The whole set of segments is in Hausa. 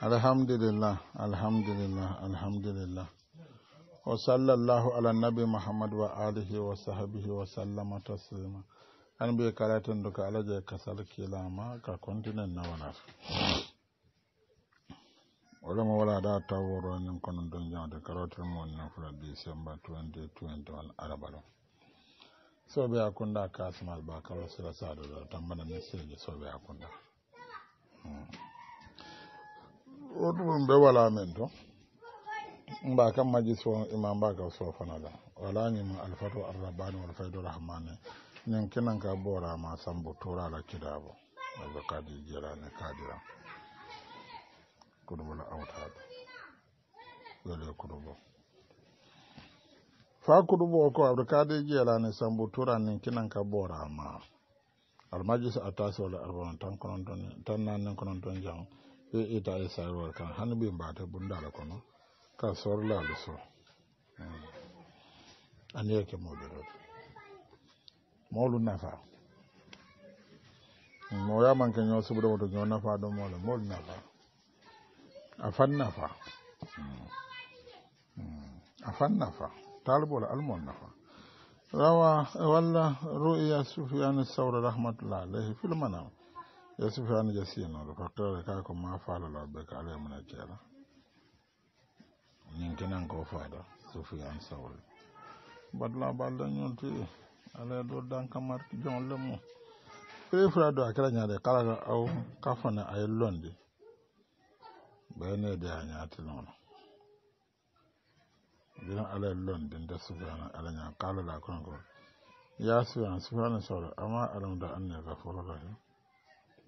alhamdulillah alhamdulillah alhamdulillah wa sallallahu muhammad wa alihi wa bai karatun duka kasar kilama ka na wala wala da ta nin don da karatun mu na fura december 2021 arabalo so be akunda kasmal ba sadu da tambana message so be akunda hmm. wotu ɗum ɓe wala men to mba kam majji so imam mbaka sofanala walañima alfatu arrabani wal faydu rahmani nin kinan ka bora ma tura la kida kidabo aɓe kadi ne jelane kadiram kuɗubola awtaɓe wele kuɗubo fa kuɗubo ko aɓe kadi jelane sambo tura nin kinan ka borama almajji so attasi walla arbanon tan konon ton tan nannen konon ton jam e ita yi sarwar kan hannu bin ba ta bunda da kono kasuwar a eh. an yake maulido maulun nafa moya man kan yau budu wato yau nafa don maulun maulun nafa a fan nafa hmm. hmm. a fan nafa talibola almon nafa rawa walla ru'iya sufiyanu saura rahmatullahi alaihi yesu fani je sinoɗo fattore ka ko ma falala ɓe ka ala muna keela nin kenan ko faada sufiyan sawri badla balɗe ñonti ala ɗo dankamarki le mum pere fula do a kira de kala aw kafone aye londi ɓeyne de a ñaati noon bina ala londi nde sufiyana ala ña kalala kono ko ya sufiyan sufiyana sawri ama alamda anne gafurorahim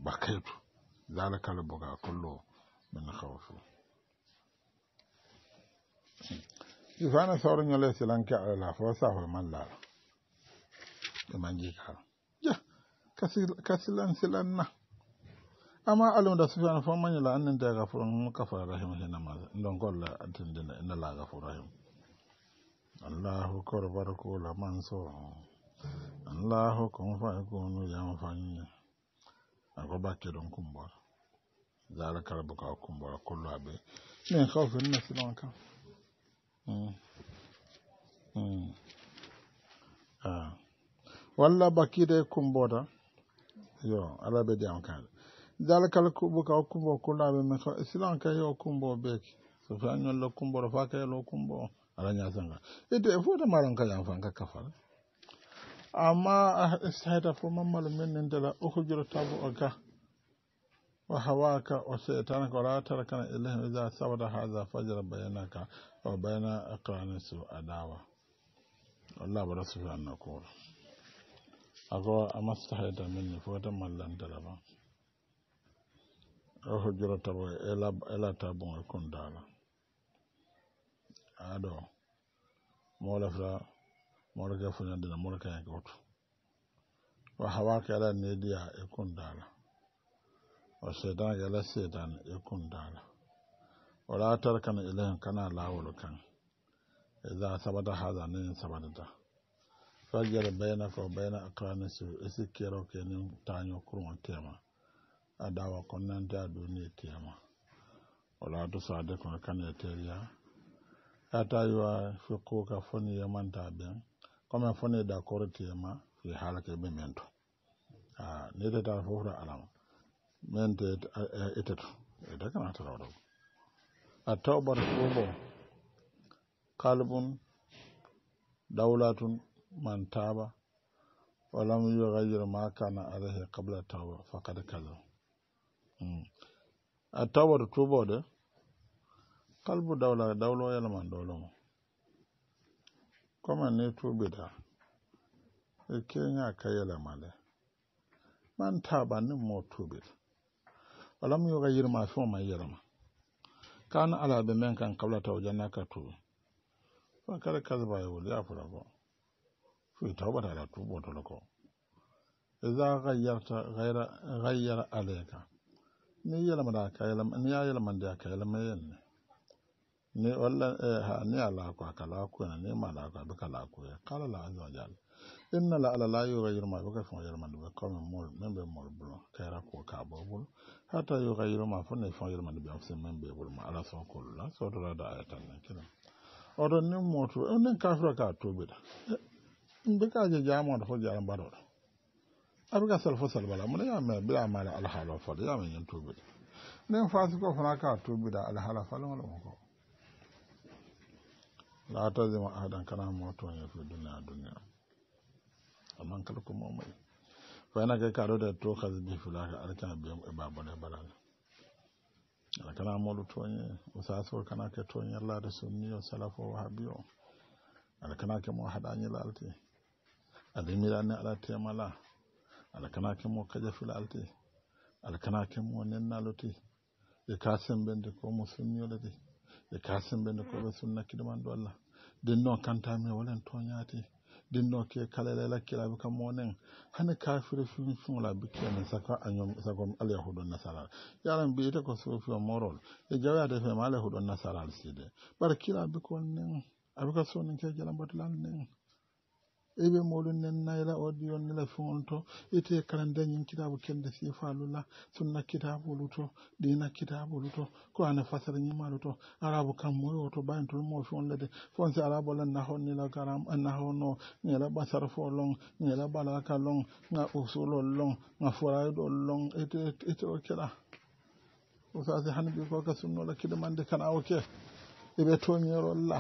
bakaitu zalika albuga kullu min khawfu ifana sawro ñole silanke ala la fo safo man laala e manji kaala ja ka silan silanna amma alamda sufiyana fo mañila annente gafuro kafara rahima hinama ndonkolla antindina innala gafuro rahima allahu korbarkula man so allahu kon fa kunu yan fanña agoba kedon hmm. hmm. kumbora zara karbu ka kumbora kullu abe ne khawfi na sinon ka walla bakide kumboda yo ala be jam kan dalkal kubu ka kumbo kullu abe me khaw sinon ka yo kumbo beki so fa nyol lo kumbo fa ka lo kumbo ala nya sanga ite fo de maran ka yan fan ka amma a istahda fo mammalu min nin dala ukhujur tabu aka wa hawaka wa shaytanaka wa la tarakana ilahi idha sawada hadha fajra bainaka wa baina aqrani su adawa Allah bara su anna ko ako amastahda minni fo ta mallan dala ba ukhujur tabu ila ila tabu kun dala ado mola fra morga fuñande no morkayake oto o hawaka ala neliya e kundala o sedanke ala sedane e kundala o latar kana ilahen kana lawol kan idza sabata hada ne sabata fajar bayna ko bayna akrani su isi kero tanyo nin tema a dawa da a duni tema o ya sade kana kane teriya ata yiwa fikkuka foni yamanta ɓen comme fo ne d'accord tema ye haalake ɓe men to a ni teta fofota alama men te eteto e dakana tatawɗo a tawbata kalbun dawlatun man taba walam yughayyir ma kana alayhi qabla tawba faqad kaza hmm. a tawbata tubode kalbu dawla dawlo yalaman dolomo ne kọma n'etu ogbede a ekenye akayɛla malɛ man taaba ne mɔɔ tu ogbede walam yɔga yirima a fɛŋ man yɛlɛma kaana ala bɛ mɛn kan kabla ta o janna ka tuubi fa kare kasiba ye wuli ya fura kɔ foyi ta o ta la tu bɔtɔ la kɔ iza e ghayyarta ghayyara alayka ni yɛlɛmada a ka yɛlɛma ni y'a yɛlɛmandi a ka yɛlɛma e yɛn ne ni walla eh, ha ni ala ko kala ko ni mala ko be kala ko kala la azza wajal inna la ala la yughayyiru ma bi kafin yughayyiru ma bi qawmin mul min be mul bulo kayra ko ka bobul hatta yughayyiru ma fa ne fa yughayyiru ma bi anfusihim min be bul ma ala son ko la so to da ayata na kira oɗon ni moto on eh, nen kafira ka to eh, ka toɓiɗa mbe kaje jamode fof jaram mbaɗoɗo abiga sal fo sal bala mona yame mbiɗa male ya o yin to ñin toɓiɗa nden fasi ko fana ka toɓiɗa alhaala fala wala mo ko la ta tazima ahadan kana mawtuwan ya fi duniya duniya amma kar kuma mai fa yana kai karo da to ka zubi filaka alkan biyan bala barana kana molu tonye usaso kana ke tonye la da sunni wa wa salafu habiyo salafo kana alkana mu mo hadanye lalte adimira ne ala ta mala temala alkana ke mo kaja filalte alkana ke mo nenna loti e kasen bende ko musulmi sunniyo lati e kasimɓe nde koɓe sunna kiɗuman ɗo allah dinno kantami walan toñaati dinno ke kala lela kilaɓe kam monen hane kafiri fin finola bikkene saka añom sakom alyahuɗo nasaral yaran mbiyete ko sofi o morol e jawade fema alyahuɗo nasaral side ɓara kilaɓe kon nen aɓe ka sonin ke jalambatulal nen eɓe molon nen nayla oddi yonnila fonto ete kala dañin kitabu kende si falula sunna kitabu luto dina kitabu luto ko ana fasara ñima luto arabu kam moyo to bayin tol mo fi onlede fon si arabu la nahonnila garam nahono ñela basara fo long ñela balaka long nga usulol long nga forayidol long ete ete o keɗa osasi hanbi koka sunnola kidemande kana o ke eɓe toñerolla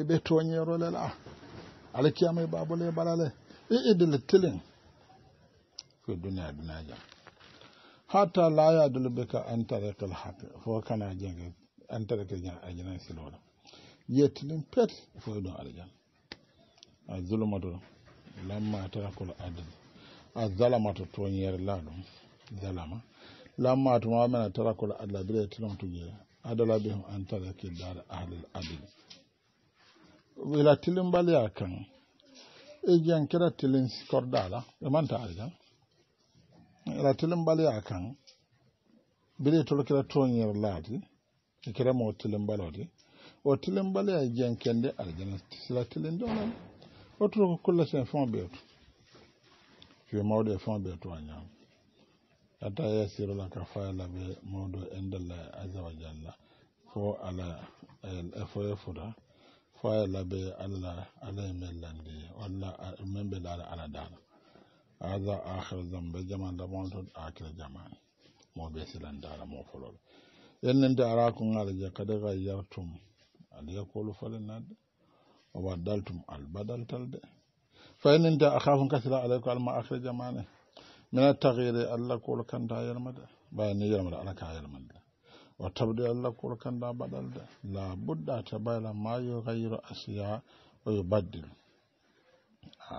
eɓe toñerolela alikiya mai ba bole balale e idil e, tilin fi duniya duniya ja hata la ya dulbeka an tarakal haqq fo kana jenge an tarakal jan ajina silola yetilin pet fo don aljan azulumatu lamma tarakul adl azalamatu tonyer ladum zalama lamma tuma mana tarakul adla bile tilon tuje adala bihum an tarakal dar ahlul adl Wila tilin baliya kan ejiyan kira tilin kordala e manta arja ila tilin baliya kan bire tolo kira tonyar ladi e kira mo tilin balodi o tilin baliya ejiyan kende arjana sila tilin donan o tolo ko kulla sen fon beto fiye mawɗo e fon beto a ñaama hatta yasiru laka fayala ɓe mawɗo endalla azza wa jalla fo ala eh, fo e fuɗa foye labe allah alay men landi walla a ah, ɓe laara ala dana haha ahir zambe jaman damon ton akir jaman mo ɓe silandara mo folol da ara kun kada ko alaje kadi gayyartum alaye kolu fole nadde o waddaltum albadaltalde da akafum kasira alay ko alma akir jamane mina tagire allah kolu kanta yelmade bayani yarmada ala ka yelmande wa tabdila lakkol kanda baɗalda la budda ta bayla ma yugayiro asiya o yubaddil a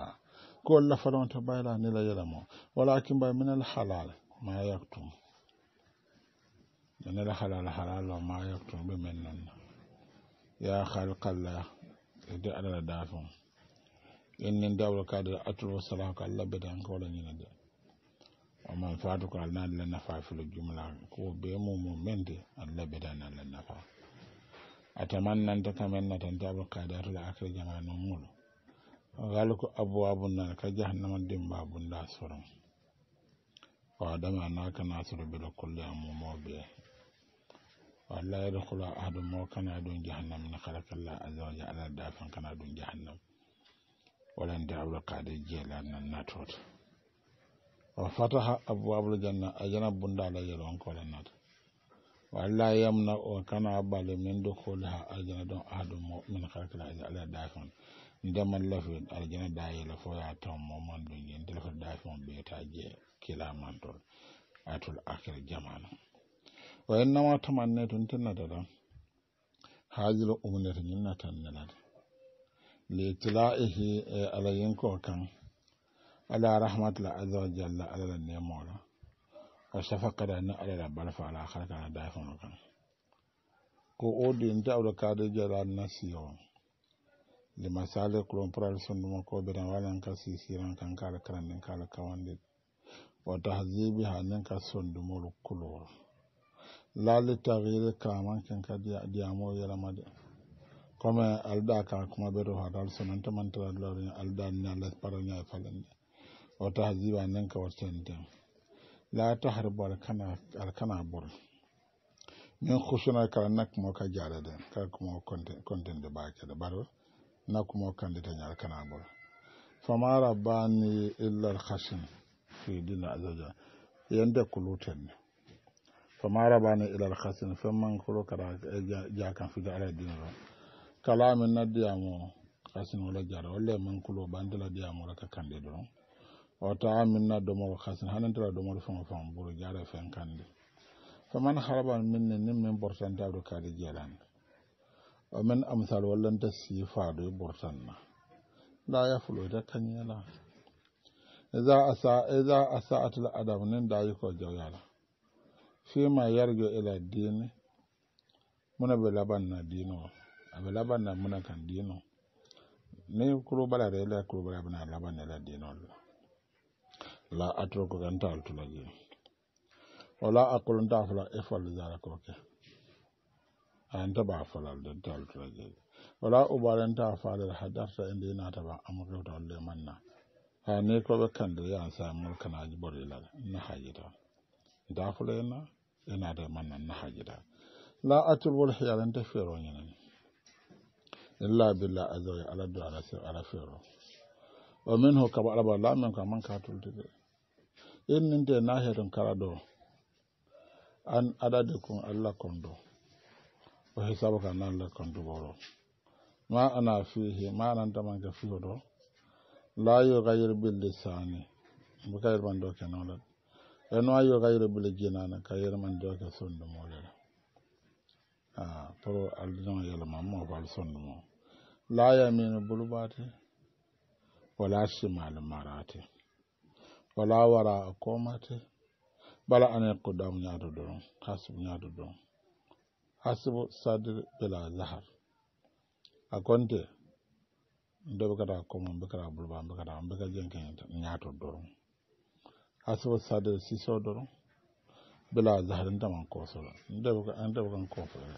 ko lafaɗon ta bayla nila yela mo walakin bay min al halal ma yaktum min al halal halal ma yaktum ɓe men noon ya halkallah e de aɗala dafon allah an wa man fatuko alna na nafa filo jumla ko be mumum mende allah ɓedani allah nafa a tamannanta kamen natantaɓe kadatula akre jamanu mulu galko abuwabu nan ka jahannama dimba bunda soron waɗama naka nasuru bila kulle amumoɓe walla yadkhulu ahadumo kana ɗum jahannam ne halakallah aza waja ala dafan kana ɗum jahannam walante abdulkadir jeela nan natoto wa fataha abwabul janna ajana bundala yeron kola nata walla yamna o kana bale min dukhuliha aljana don ahadu mu'min kharkala ila ala dafon ndama lafi aljana dayela fo ya taw mo man do yen dilfa dafon be ta je kila man do atul akhir jamana wa inna ma tamanna tun tanna da da hajil umnata nyinna tanna da li tilaihi eh, alayin ko kan ala rahmatullah azza wa jalla ala la nemola wa shafaqata na ala la barfa ala kharaka na dafon kan ko odin ta aure ka da jara siyo le masale kulon pral sunduma ko be dan walan ka siran kan kala karan kala kawande wa tahzibi hanan ka sun kulor laali tagiri kaaman ken ka diyamoo yelama de comme alda ka kuma ɓe to hata al sonanta mantara lori alda na ala paraña e falande wa tahziba nan ka wata ta la ta harba alkana alkana bor min khushuna kala nak mo ka gyara da ka kuma kontende ba ke da baro na kuma kan da ta nyar kana fa ma rabbani illa alkhashin fi dina azaja yanda kulutan fa ma rabbani illa alkhashin man kulo kara ja kan fi da aladin ro kalamin nadiyamu kasin wala jara wala man kulo bandala diyamu raka kande don wata aminna domol kasin hanantara domol fan fan buru jara fen kandi faman haraban minne nin min bortanta do kadi jelan o men amsal wallanta sifaado e bortanna la yafulo ita kañela ida asa ida asaatul adam nin dayi ko fi ma yarjo ila dini muna laban na dino laban na muna kan dino ne kuro bala da ila kurubala bena laban ila Allah la atroko kan ta altula je wala akulun ta fala ifal zara ko ke an ta ba fala da ta altula je wala ubaran ta fala hadarta inda yana ta ba amurka ta walle manna ha ne ko be kan da yan sa mulka na ji bore la na hajida da fala yana yana da manna na hajida la atul wal hiyalan ta fero yana illa billah azza wa ala ala fero wa minhu kaba alaba la min ka ka tulde in nin na herin kara an adade kun allah kondo wa hisabu kan allah kondo boro ma ana fihi ma nan ta manke fiyo do la ghayr bil lisani bukayir man do kenan e no ayu ghayr bile jinana ka yerman doke sondu mo lela a pour aldinon yelma mo bal sondu mo la ya min bulubati wala shimal marati. wala wara a komate bala ane kudamu ñaato doron hasibu ñaato doron hasibu sadir bela lahar a konte nde ɓe kata komo mbe kata bulba mbe kata mbe ka jenkeñeta ñaato doron hasibu sadir siso doron bela lahar ntaman kosola ndeɓe kan kofole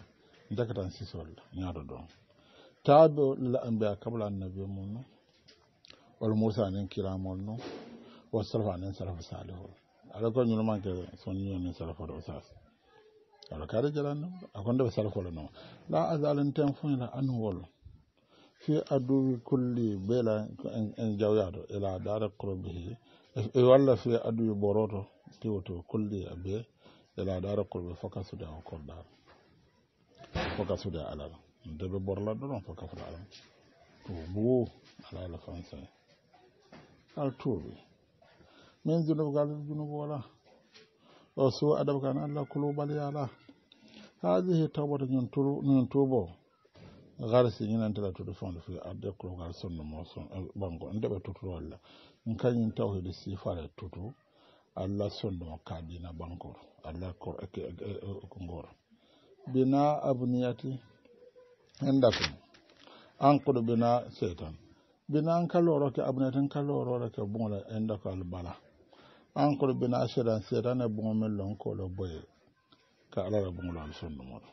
ndekatan sisolla nyaado doron taaɓe la ambiya kabla annabi mum no wala musa nin kiramol no wo sarfa anin sarfa salihu ala ko ñunu manke yi wani sarfa ɗo sas ala kaade jalanno akonde ɓe sarfole noon la asalin ten an wal fi aduwi kulli in jauya jawyaɗo ila dara qurbihi e walla fi boroto ɓoroto wato kulli a be ila dara qurbi foka sude o korɗar foka da alal borla borlaɗo ɗon foka fuɗa alal to buu ala ala fansa al tuuɓi min junub gal junub wala o so adab kan allah kulubal yala hadihi tawbata ñun turu ñun tuubo gara si ñinantela tudu fonde fi arde kulogal sonno mo son eh, bango ndeɓe tuturolla n kañum tawhide sifare tutu allah sonno kaadina bankoro an kor bina sedan sedan e bungo min lon kolo bai ka alara bungolo al sondumoɗo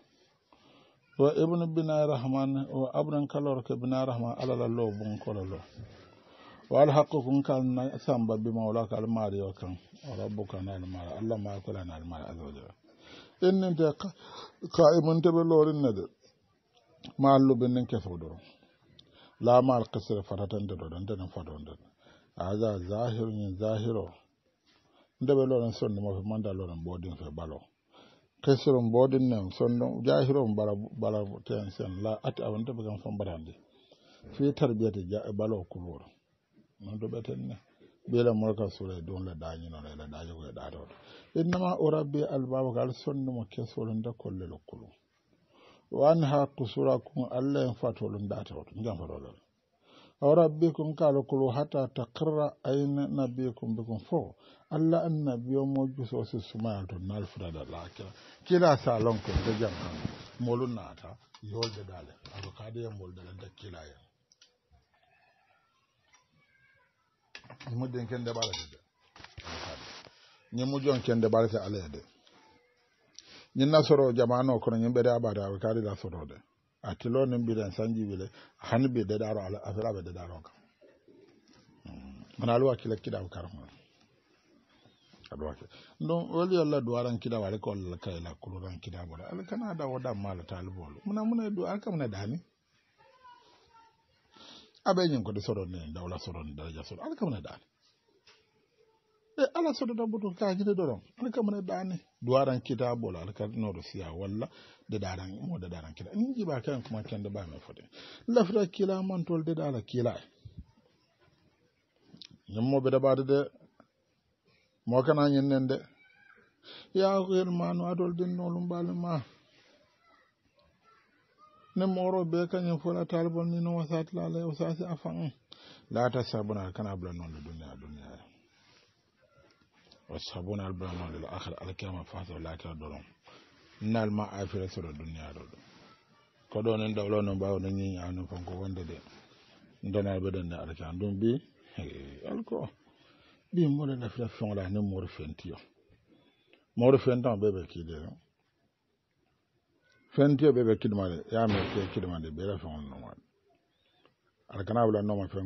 to ibnu bina rahman o abran kalor ke bina rahman alala lo bungo kolo lo o alhaqu kun kan samba bi mawlaka almari o kan o rabbuka na almari allah ma kula na almari azza wa jalla innin te qa'imun te be lorin ne de ke alluɓe nden keso doron lama alkasire fatatande ɗo ɗon denen fadonde haga zahirun zahiro ndebe loren sonde mo fe manda loren boodin fe balo kesiron boodin nen sondon jahiron bala bara ten sen la ati awan teɓe gam fam mbaɗande fi ja balo kulor non do beten ne ɓiyela molka sura don la dañi e non la dañi ko e da innama inna ma urabbi al mo kesolo nde kolle lokkulu wani ha kusura kun alla en fatolum ɗatoto jam fatolol o rabbi kun kala kulu hatta takarra ayna nabi kun bikun fo allah biyo mo ma si na alfura da lakira kila salon ko da da kan molu naata yolde dale da kaade molu dale dakkila hen ñimmuɗen ken nde Ni de ñimmujon ken nde ɓalete alede ñin nasoro jamano kono ñimɓede aɓade aɓe soro da. a tilo nin mbiɗen da wile hani mbi da daro ka. Mana ana kila kida abu karamon kaduwa wake don wali yolla duwaran kida wari ko allah kayla kuluran kida bora ala kana da wada mala talibolu muna muna du aka muna da abe nyin ko de soron ne dawla soron daraja soron ala kana dani e ala da butu ka kajide doron muna da dani duwaran kita bola ala ka nodo siya walla da daran mo da daran kila ni jiba kan kuma da ba me fote lafra kila mantol da ala kila nyammo be da bade de mo kana ñinnen de ya ma manu adol dinnolum ɓaali ma ne moro be kañum fola talibol min o satlala o sasi a fan laata sabuna kana bula noon le duniya duniya o sabuna al bula noon le akhir alkiyama faso lakira doron nalma afira soro duniya ɗo ɗo ko ɗo nen dawlo no mbawi no ñiña anu fanko wonde de ndana ɓe ɗon alkan alkiyan ɗum bi alko bi ɗin moɗo lafira feŋola ni moɗo fentiyo moɗo ki de ɓe ya me fentiyo ki de kidimade yami ke kidimade ɓeɗa no nowaɗe al kana wula nooma al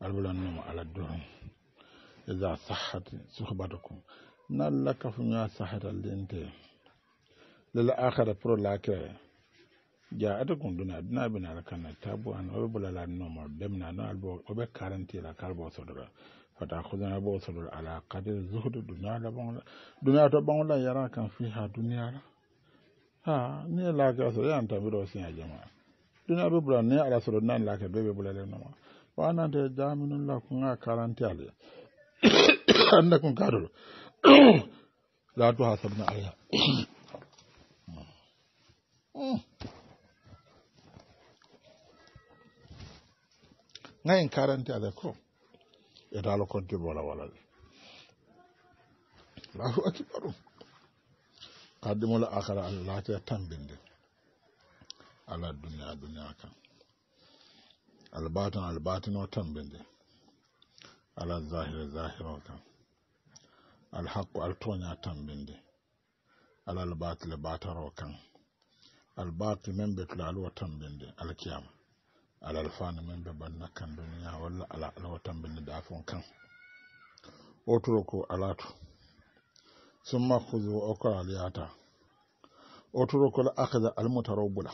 ala no ma ala doron ida sahat suhbatukum nalla kafuña al dinte lil akhirah pro la lakira ja ata kunduna duna na la kana tabu an obe bula la noma demna no albo obe karanti la kalbo sodora fata khudana bo sodora ala qadir zuhdu dunya la bangla dunya to bangla yara kan fi ha dunya la ha ni la ga so yan ta biro sin jama dunya be bula ne ala sodora nan la ka be bula le wa nan de jaminun la kun ga karanti ale anda kun kadoro la to hasabna aya Mm. mm. ngayen karante ala ko e dalo konti bola walal allahu akbaru kaddimola akara ala ta tambinde ala ka duniya kan albatin batin wa tambinde ala zahire ka o kan alhaqqu tonya tambinde ala albatile bataro kan albatu men ɓe tulaluwo tambinde kiyama ala min men ɓe banna kan duniya wala ala alwatan binne dafon kan otoro ko alatu summa hudu oko aliyata otoro aka akada almutaro bula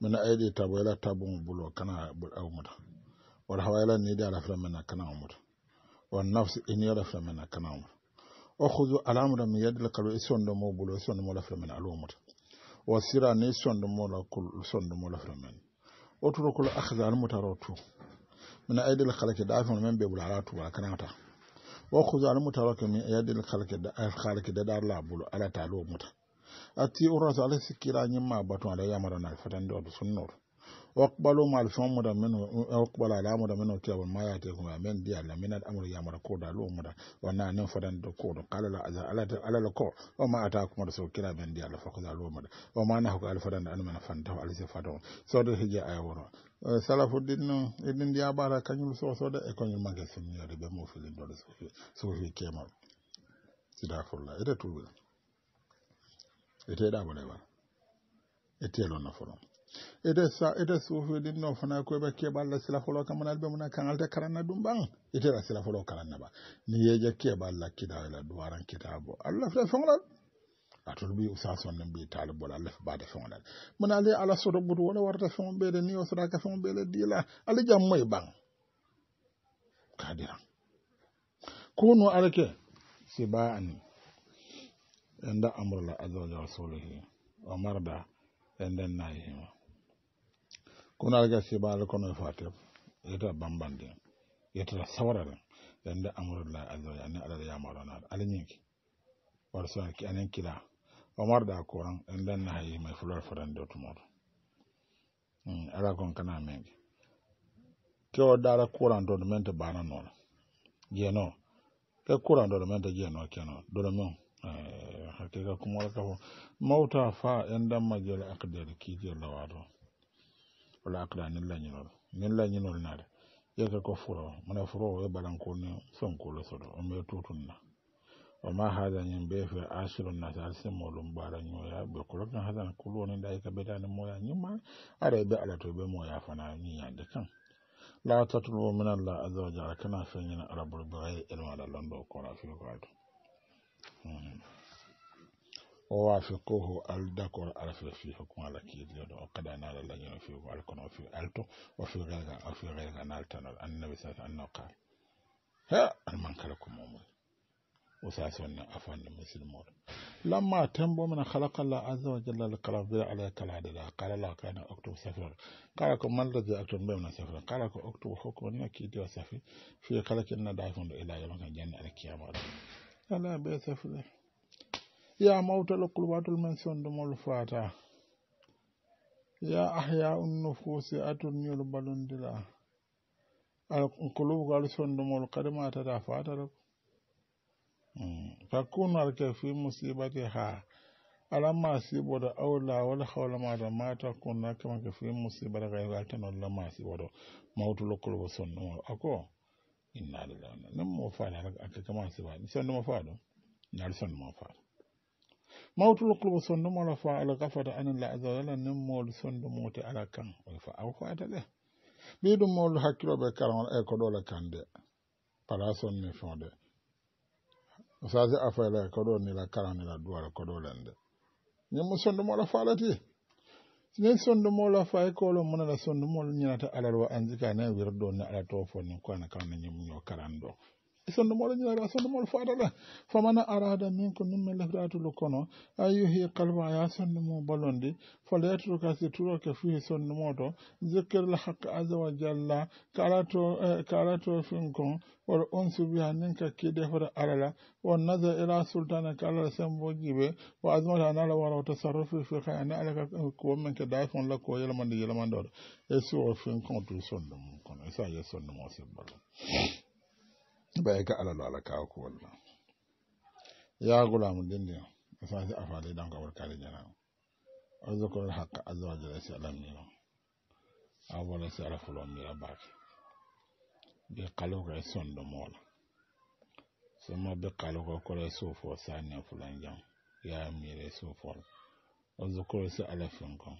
mina aidi tabo ila tabo bulo kana bulaw muta wal hawala ni da rafra mena kana muta wan nafsi in ya lafiyar mena kana muta o hudu alamra mi yadla kalu isondo mo bulo isondo mo rafra mena alu muta wasira ni da mo la kul sondo mo rafra mena aka akhzal mutarautu min aidil khalqi da afon men be bularatu kana ta wa khuzal mutarautu min aidil khalqi da al eh, khalqi da dar labulu ala talo muta ati urasa ala sikira nyimma batun ala yamara na fatan da sunnor okbalo mal fon muda min okbalo ala muda min okiya wa maya te kuma men dia la min al amru ya mara ko da lo muda wannan nan fadan da ko da kala la ala ala la ko o ma ata kuma da so kira men dia la fa ko da lo muda o ma na ko al fadan da an man fanta al se fadon so do hije ay woro salafuddin no eɗen ndiya ɓaata kañum sosoda e kañum magge simmiyode ɓe mofilin ɗoɗo sofi sofi kemal sidafulla ete tuɓe eteɗaɓo ita e telo nafoɗon ite sa ite suhudin no fana ko be ke balla sila folo kamanal be muna kan alta karanna dum ban ite ra sila folo karanna ba ni je ke balla kida la duwaran kitabo allah fa fongal atol bi son nan bi talibol allah ba da fongal muna le ala so rubu wala warta fon be de ni o sura ka fon be le dila ali jam moy ban kadira ko no arake sibaan enda amrula azza wa rasulihi wa marda enden nahihima Kuna ba kono alaga sibaala kono da yetata bambandin yettata sawraren yande amrullahi azza wa jalla alaɗa yamaronaɗo ala ñinki ki anin kila kiɗa da koran courant en danna hay may fulor fotande o tumoto ala kon kana menke kewo ɗara courant koran ɗo domin ta bana jeeno geno courant koran ɗo domin ta geno keno ɗoɗo domin eh, hakika kuma ka kafa Mauta fa en damma jeele kijiyar kiijel lawato walakira ni laɲinol nin laɲinol na de yeke ko furo mana furo ni son ko lo soto on be tutun na o wama hada ñin be fe asirun na sa simolum bara ya be ko lo kuloni da ko lo moya ñima ka be ala to be moya fana de kan la tatlubu min allah Azza wa jala kana feñina rabbul birayi ilma ala londo kona firiko ato mm. ووافقوه الدكور على في حكم على كيد وقد نال الذين في الكون وفي ألتو وفي غير وفي غير أنال تنال النبي صلى الله عليه وسلم قال ها المنكركم أمور وساسون أفن مسلمون لما تنبو من خلق الله عز وجل الكلام بلا على كلام قال الله كان أكتب سفر قال لكم من الذي أكتب بمن سفر قال لكم أكتب حكم نكيد وسفي في خلق الندافع إلى يوم الجنة القيامة لا بأس فيه ya mawtal kulbatul men sonndumol fata ya ahya unnufusi atun yol balondira alkulubugal sonndumol kadi matata fatata fakunu alke fi musibati ha alamma siɓoɗo awla wala hawla mata mata kunna kamake fi musibata kaygal tanollama siɓoɗo mawtulo kulubo sonndumol ako inna lillahi nen mo fani alaka kama siɓa sonnduma fa ɗum nal sonnduma fa ɗum mawtu lokkol mo sonndu mo ala faa ala gafata anen la azazala nen moolu sonndu muute ala kan ala fa awa faata ɗe mbi ɗum moolu hakkiloɓe karaol ey ko ɗole kan de pala sonni fonde sasi afayla e ko ɗo nila karan nila duwala ko ɗolen de nen mo sonndu mo ala faalati nen sonndu moolu a faayi e koolo munala sonndu moolu ñinata alal wa anjika nen wirdo ni ala to fonni ko ana kamna ñimuño karan ɗo isondo moɗo ñinara sondo moɗo faɗaɗa famana arada min ko num min lefratulu kono a yehi kalba ya sonde mum balondi fala yattuɗo ka si turoke fihi sonde moɗo zikkirla hakka aza wa jalla ka eh, ala to fin kon wala unsu biha ninka kide fota alala wa nazar ila sultana ka alala semboji wa azmata anala wala wa tasarrufi fi hay ani ala ka ko min ke dafon la ko yelamande yelamande oɗo e suwo fin kon tu sonde mum kono sa ye sonde mo sibbalo Ba ya ga lo ala ko wannan ya mu dinne dindi fasi a ɗan ka wol kare jana ozukurol hakka azza wa jalla si ala miro awola si ala fulo mira baake ɓe kaluka e sondo Sun soma ɓe kaluka kolo e suufo sanne fulan jan ya mire suufol ozukurol si ala finkon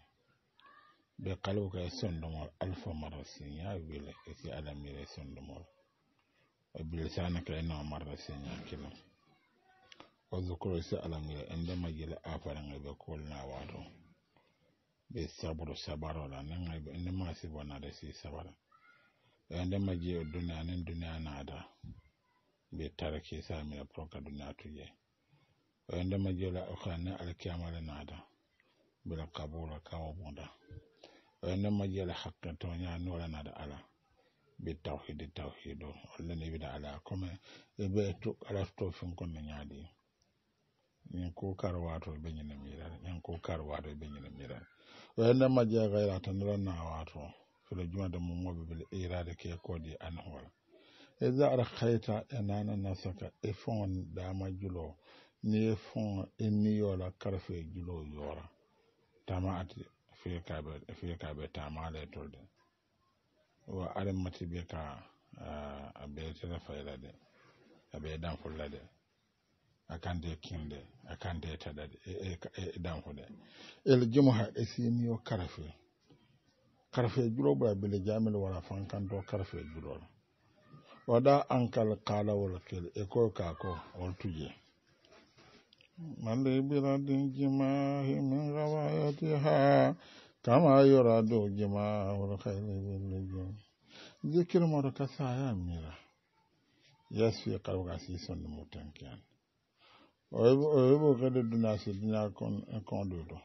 ɓe son e sondomol alfa mara si ya wile e si ala mire sondomol bilisanika ina marra sinya kina wazukuru si alamira inda magila afarin aibe na wato be sabro sabaro la nan aibe inda masu bana da si sabara inda magiyo duniya nan duniya na da be tarake sa mira proka duniya ye inda magiyo la akhana alkiyamala na da bila kabura kawo bunda inda magiyo la hakka tonya nola na da ala bitawhidi tawhido allah ne wiɗa ala comme e ɓe arafto finkonno ñaadi min ko kar wato ɓe ñina miran ñan ko kar wato ɓe ñina miran o hende majje gayra tan ranna wato filo jumade mumoɓe bele irade ke kodi anhol e jara hayta e nana nasaka e fon dama julo ni e, e karfe julo yora wa adam mati be ka a be tira fayla de a be dan fulla de a kan de kinde a kan de tada de e, e, e dan fude el jumuha e simiyo karafe karfe juro ba bele jamil wala fan kan do karfe julo wada kal qala wala kel e ko ka ko on tuje man le bi biradin jimahi min rawayatiha kama yora do jama wala khayla jam zikir maro kasaya mira yasfi qarwa si son mutankian oyebo kade duna si duna kon kon do do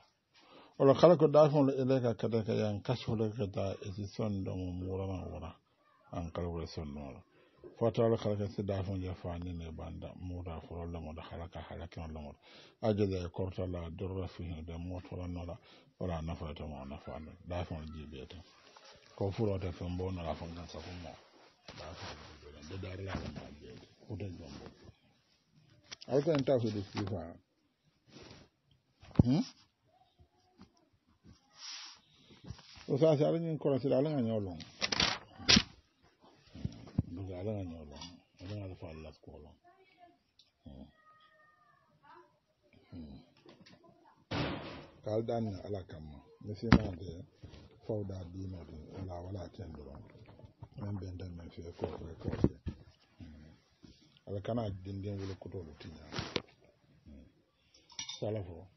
wala kala ko da fon ele ka kada ka yan kaso le kada esi son do mo mura ma wala an kalwa son no fata wala kala ka si da fon ja fani ne banda mura foro la mo kala ka hala kan la mo aje da korta la dorra fi da mo foro no la wala nafata mo nafa da fa jibe ta ko furo ta fon bo na fa kan sa mo da fa da da la ma je ko da jombo ay ko en ta so de hmm o sa sa ni ko ra ala nga nyolo do ala nga nyolo ala nga fa la ko lo kaldan ni ala kamma ni sina de fawda dino de ala wala kendo men ben dan men fe ko fe ko fe hmm. ala kana dindin wala ko to tinya hmm. salafo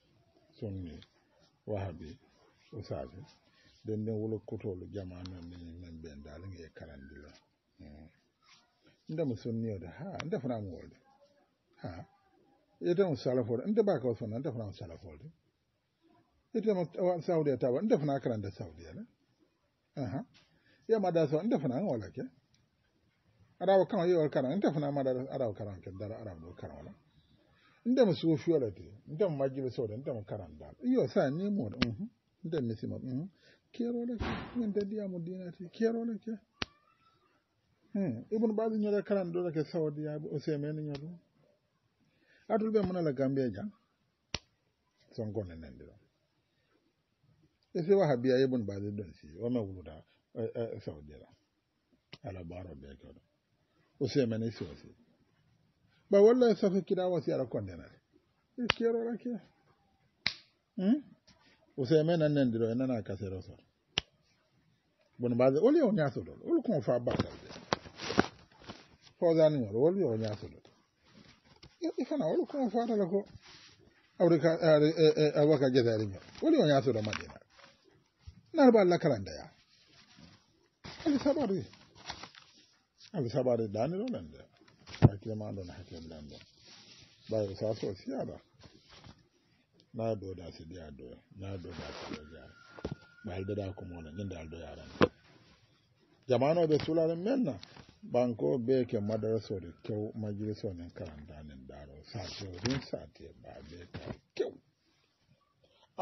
sunni wahabi usabi dindin wala ko to jama'an ni men ben dal ngi karandila hmm. nda mu sunniyo da ha nda fana mu wala ha ita mu salafo nda ba ka sunna nda fana mu salafo da Ita itama saudiya tawa nde fana karande saudiya le aha yamada so nde fana wala ke arawo kan yewol karan nde fana maɗa arawo karan ke dara arawo ɗo karan wala ndema suwo fiyorete ndema majjiɓe sewde ndema karan dal yo sa ni moɗo ndem misima kerole ke min dadiyamo dinate kerole ke hmm. ibnu baɓe ñoɗa karan ɗoɗa ke saudiyaɓe o semeni ñoɗum atul ɓe munala gambeja son gonne nandiro ese wa habiya ye bun baade don si o me wuluda saudi la ala baro be ko do o se mene si o si ba walla sa fe kida wa si ala kondena e kero la ke hmm o se mena nen diro ena na ka se roso bun baade o le o nya so do o ko fa ba ka fo da ni o le o nya do e fana o ko fa da la ko awrika awaka gedari ñor woni o ñaatoɗo maɗɗe naɗa narba alla karandeya ali sabari ali sabari dani danilolen de hakkilema ɗon hakkillen ɗon ɓayro sa so siyaɗa na da sidi a doya na doda sidi a jara ɓe aldoda ko mona ñinde aldoyaran jamanoɓe sulare men na banko be ke madarasore kew majlisonen karandanen daro sate rin sate ba be ka kyau.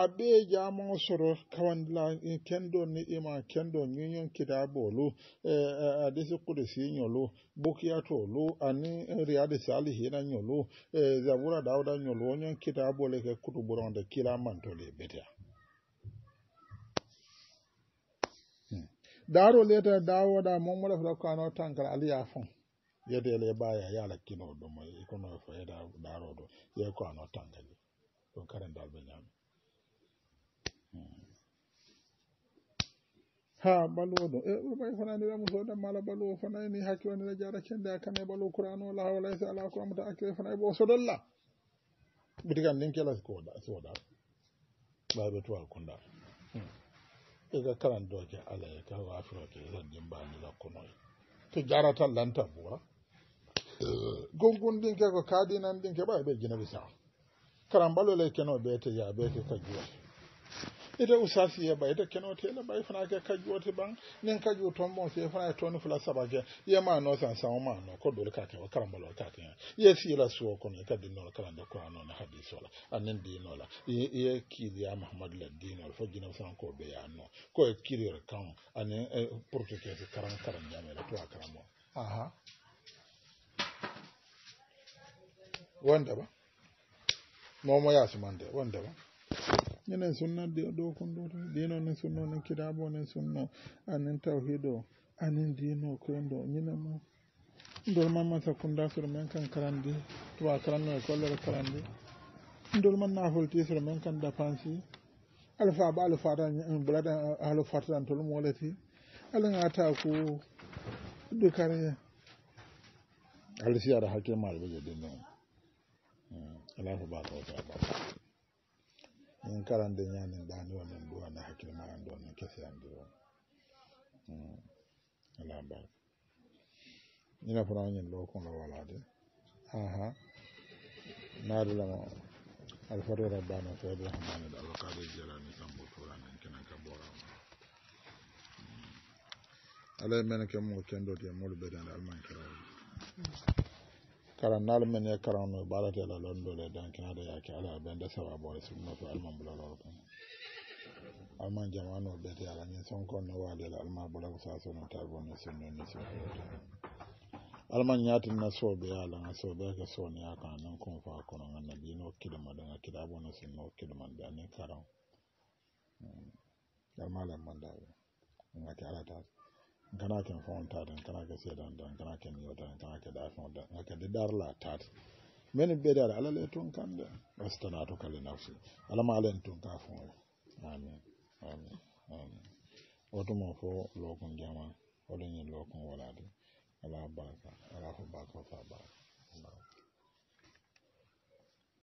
abe jamo soro kawandla eh, kendo ni ima kendo nyinyo kita bolu eh, eh adesi kude si nyolu buki atolu ani eh, riade sali hina nyolu eh, zavura dauda nyolu onyo kita abole ke kutuburonde kila mantole betea hmm. daro leta dawo da mo mura fura kano tankar ali afon ya de le baya ya la kino do mo ikono fa ya daro do ya kano tankar ko karen dal be nyami ha balwoɗo e eh, ɓurɓay fonanira musoɗen mala balwo fonayni hakke wonira jara kende akkane balwo kurano la hawlay sa ala ko amata hakkire fonay bo sodolla ɓiti kam nin kela koɗa soɗa ga tuwa do ega ala alaye ka wa afro ke wafiroke sadde mbani lakkunoye to jara jarata lanta bura gongun din ke ko kaadinan din ke ɓaɓe jinabi sa karan balole keno ɓeete ya ɓeete ka jiya ite usasiye ba te kenotele ba ifana ke kajuwote ban nin kaju tombon se ifana ye toni fula saba kɛ i ye ma nɔ san san o maa nɔ ko doli k'a kɛ wa karamɔgɔ k'a kɛ i ye siyela suwɔ kɔnɔ i ka di nɔ kalan de kuran nɔ ni hadiso la ani di nɔ la i ye kiriya mahamadu la di nɔ fo jinɛ san k'o be y'a nɔ k'o ye kiri yɛrɛ kan ani e, porotokɛsi karan karan ɲamɛ la to a karamɔgɔ aha wanda ba mɔmɔ y'a sumande wanda ba enen sunna ɗo kon ɗo to dino ne sunno ne kitabu nen sunno anen tawhido anen dino koyenɗo ñinemo ndol man man sakunda sur men kan karandi tuwa karanno e kollere karandi ndol man nafolti sur men kan dapansi alfa ba alfa tan bulatan ahlu fatan tol molati ala ngata ko ɗo kare alisi ara hakke malɓe je ɗin ɗon ala fo ba kawta ba min karande ñanin ɗani o min duwana hakkille ma andi on min kesiyandi on ala barka ina fonañin ɗo kono walade aha naadulamo alfatu rabbano fewde hamani da ɗa wakade jarani kambo turanin kinan ka borama alay men ke mo kendoti e molu ɓeɗande almankiraji mm. na karannal la e karanno dan kina da ya yake ala da ɓende sawabore sumnoto alman bulalol kan alman jamano te ala sa su ne waɗel alma bulag sasono tarbone sunnoni sokoto alman ñatinna soɓe alaga soɓeke soniya kan nan kon fa kono annabino kiduma ɗaga kiɗabono sunno da ni karan hmm. alma lemmandaɓe gati alata kana ken fon ta dan kana ke se dan dan kana ken yo dan kana ke da fon dan kana de dar la ta men be dar ala le tun kan da astana to kale nafsi ala ma len tun ka fon amin amin amin wato mo fo lokun jama wala ni lokun wala de ala baraka ala ko baraka fa baraka